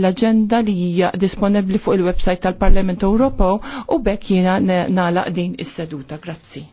l-agenda li hija disponibbli fuq il-website tal-Parlament Ewropew u bekk jiena nagħlaq din is-seduta. Grazzi.